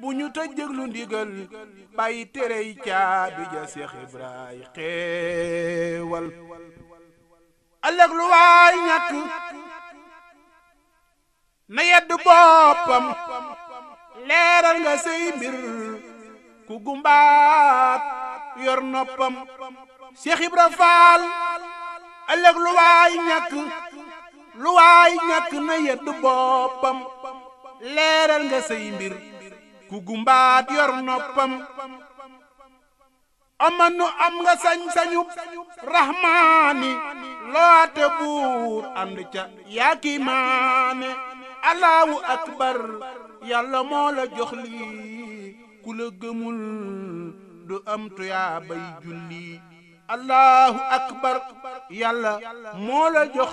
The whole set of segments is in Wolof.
bu ñu tëj déglu ndigal bàyyi terey caabi ja Seex Ibraay xeewal ëllëg lu waay ñàkk na yedd boppam leeral nga sey mbir ku gumbaat yor noppam Seex Ibra Faal ëllëg lu waay ñàkk lu waay ñàkk na yedd boppam leeral nga sey mbir ku gumbaat yor noppam amanu am nga sañ-sañu rahmaani loote buur ànd ca yaaki allahu akbar yàlla moo la jox ku la gëmul du am tuyaa bay julli allahu akbar yàlla moo la jox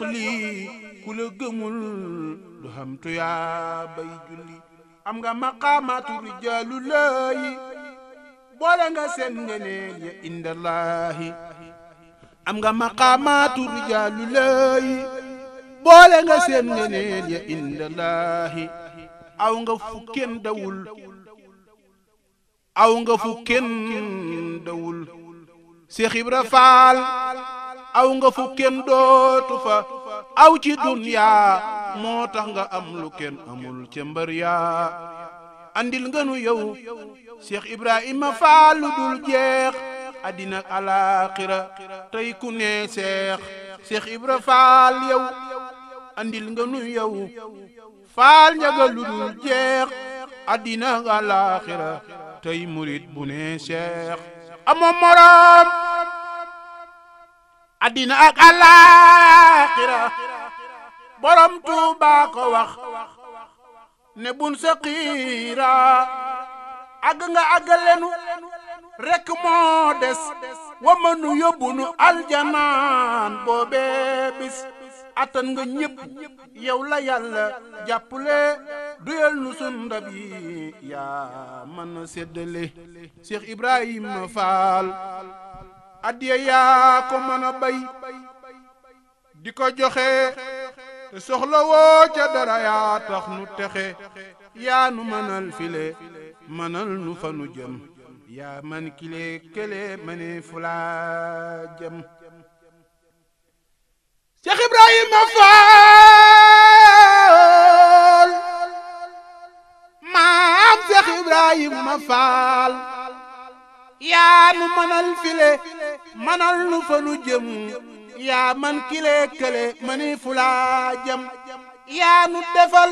ku la gëmul du am tuyaa bay julli am nga maqaamaatu rijaalu laahi boole nga seen ngeneel ya indallaahi am nga maqaamaatu rijaalu laahi boole nga seen ngeneel ya indallaahi aw nga fu kenn dawul aw nga fu kenn dawul Seex Ibra Faal aw nga fu kenn dootu fa aw ci dunyaa moo tax nga am lu kenn amul ca yaa andil nga nu yow Cheikh Ibrahima Fall lu dul jeex addina ak alaaxira tey ku ne seex Cheikh Ibra Fall yow andil nga nu yow Fall njaga lu dul jeex addina ak alaaxira tey murit bu ne seex amoo morom addina ak alaaxira borom Tuuba ko wax ne bun sa xiira àgg nga àggalenu rekk moo des wa mënu yóbbu nu aljanaan boobe bis attan nga ñëpp yow la yàlla jàppale duyal nu sun yi yaa mën a séddale Cheikh Ibrahima Fall addiya yaa ko mën a bay di ko joxe te soxla woo ca dara yaa tax nu texe yaa nu mënal file mënal nu fa nu jëm yaa man kile kële mane fulaa jëm Cheikh Ibrahima Fall maam Cheikh Ibrahima Fall yaa nu mënal file mënal nu fa nu jëm yaa man kile kële mani fulaa jam yaa nu defal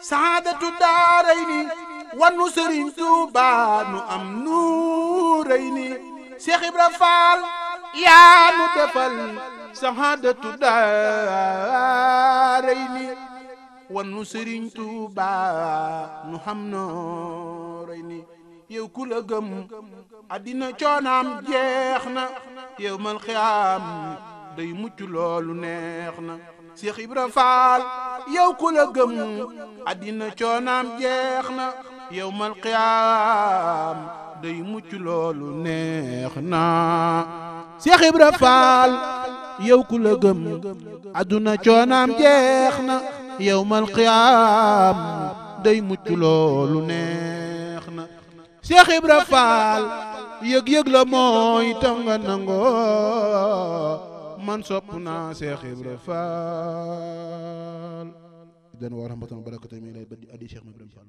saadatu daaray ni wannu sëriñ Tuuba nu am nuuray ni Seex Faal yaa nu defal saadatu daaray ni wannu sëriñ Tuuba nu xam nooray ni ku la addina coonaam jeex na yow mal xiyaam day mucc loolu neex Faal yow ku la gëm àddina coonaam jeex na yow mal xiyaam day mucc loolu neex na Cheikh Ibra Faal yow ku la gëm àdduna coonaam jeex na yow mal xiyaam day mucc loolu neex na Cheikh Ibra Faal yëg-yëg la mooy tam nga nangoo man sopp naa Cheikh Ibra Fall dana wa rahmatan wa barakatu mi lay bandi adi Cheikh Ibrahima Fall